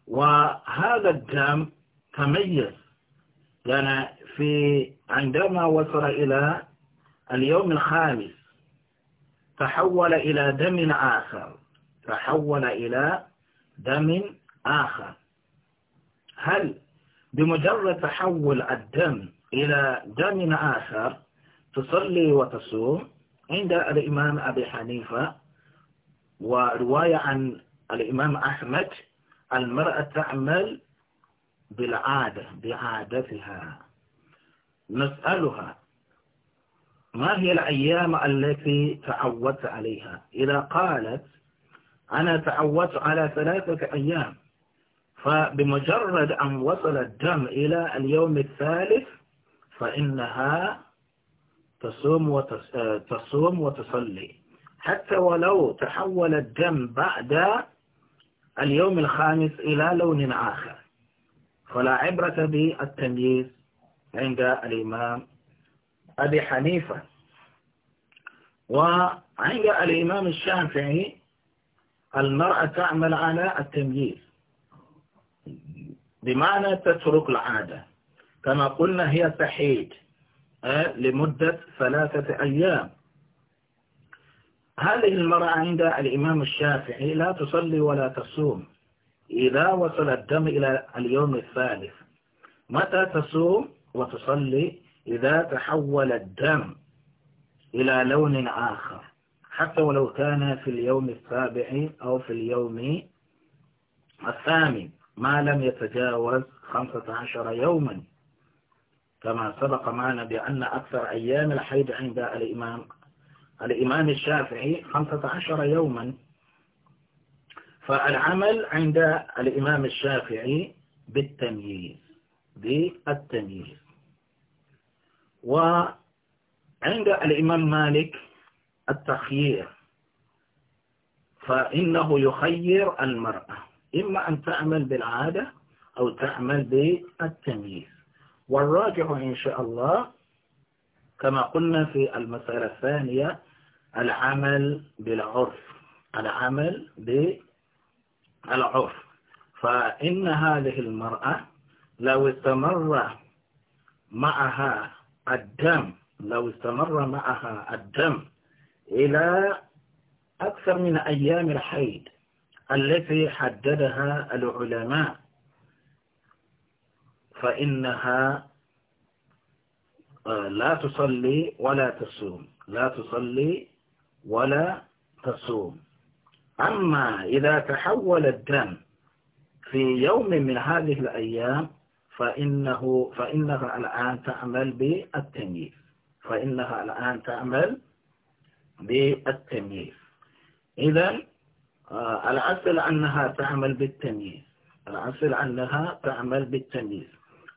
وهذا الدم تميز يعني في عندما وصل إلى اليوم الخامس تحول إلى دم آخر تحول إلى دم آخر هل بمجرد تحول الدم إلى جامع آخر تصلي وتصوم عند الإمام أبي حنيفة ورواية عن الإمام أحمد المرأة تعمل بالعادة بعادتها نسألها ما هي الأيام التي تعودت عليها إذا قالت أنا تعودت على ثلاثة أيام فبمجرد أن وصل الدم إلى اليوم الثالث فإنها تصوم, آه، تصوم وتصلي حتى ولو تحول الدم بعد اليوم الخامس إلى لون آخر فلا عبرة بالتمييز عند الإمام أبي حنيفة وعند الإمام الشافعي المرأة تعمل على التمييز بمعنى تترك العادة كما قلنا هي تحيد آه، لمدة ثلاثة أيام هذه المرأة عند الإمام الشافعي لا تصلي ولا تصوم إذا وصل الدم إلى اليوم الثالث متى تصوم وتصلي إذا تحول الدم إلى لون آخر حتى ولو كان في اليوم السابع أو في اليوم الثامن ما لم يتجاوز خمسة عشر يوما كما سبق معنا بأن أكثر أيام الحيض عند الإمام الإمام الشافعي 15 يوما فالعمل عند الإمام الشافعي بالتمييز بالتمييز وعند الإمام مالك التخيير فإنه يخير المرأة إما أن تعمل بالعادة أو تعمل بالتمييز والراجح إن شاء الله كما قلنا في المسألة الثانية العمل بالعرف العمل بالعرف فإن هذه المرأة لو استمر معها الدم لو استمر معها الدم إلى أكثر من أيام الحيض التي حددها العلماء فإنها آه، لا تصلي ولا تصوم لا تصلي ولا تصوم أما إذا تحول الدم في يوم من هذه الأيام فإنه فإنها الآن تعمل بالتمييز فإنها الآن تعمل بالتمييز إذا آه، العسل أنها تعمل بالتمييز العسل أنها تعمل بالتمييز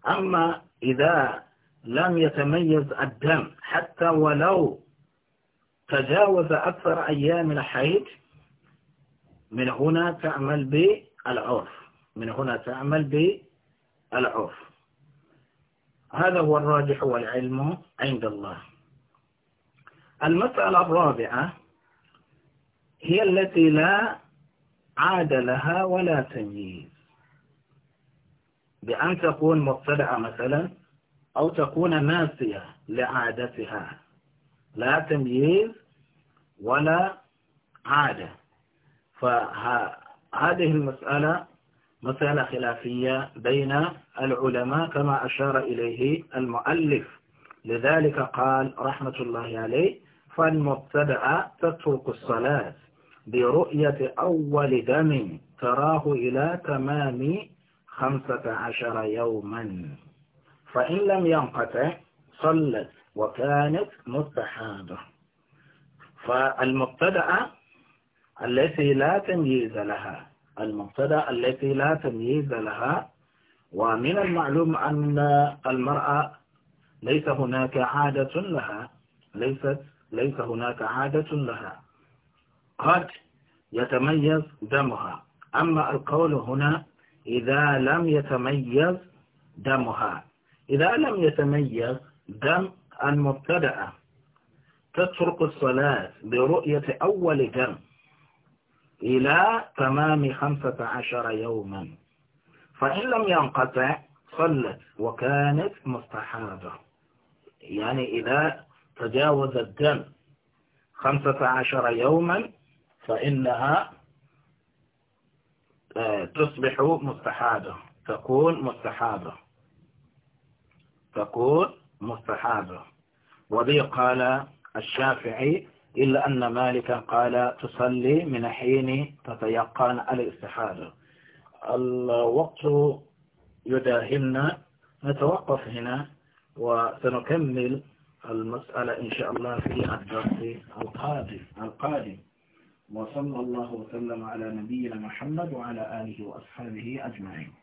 أما إذا لم يتميز الدم حتى ولو تجاوز أكثر أيام الحيض من هنا تعمل بالعرف من هنا تعمل بالعرف هذا هو الراجح والعلم عند الله المسألة الرابعة هي التي لا عاد لها ولا تمييز بأن تكون مبتدعة مثلا أو تكون ناسية لعادتها لا تمييز ولا عادة فهذه المسألة مسألة خلافية بين العلماء كما أشار إليه المؤلف لذلك قال رحمة الله عليه فالمبتدعة تترك الصلاة برؤية أول دم تراه إلى تمام خمسة عشر يوما فإن لم ينقطع صلت وكانت متحابة فالمبتدأ التي لا تمييز لها المبتدأ التي لا تمييز لها ومن المعلوم أن المرأة ليس هناك عادة لها ليست ليس هناك عادة لها قد يتميز دمها أما القول هنا إذا لم يتميز دمها إذا لم يتميز دم المبتدأة تترك الصلاة برؤية أول دم إلى تمام خمسة عشر يوما فإن لم ينقطع صلت وكانت مستحابة يعني إذا تجاوز الدم خمسة عشر يوما فإنها تصبح مستحابة تكون مستحابة تكون مستحابة وذي قال الشافعي إلا أن مالك قال تصلي من حين تتيقن الاستحابة الوقت يداهمنا نتوقف هنا وسنكمل المسألة إن شاء الله في الدرس القادم القادم وصلى الله وسلم على نبينا محمد وعلى آله وأصحابه أجمعين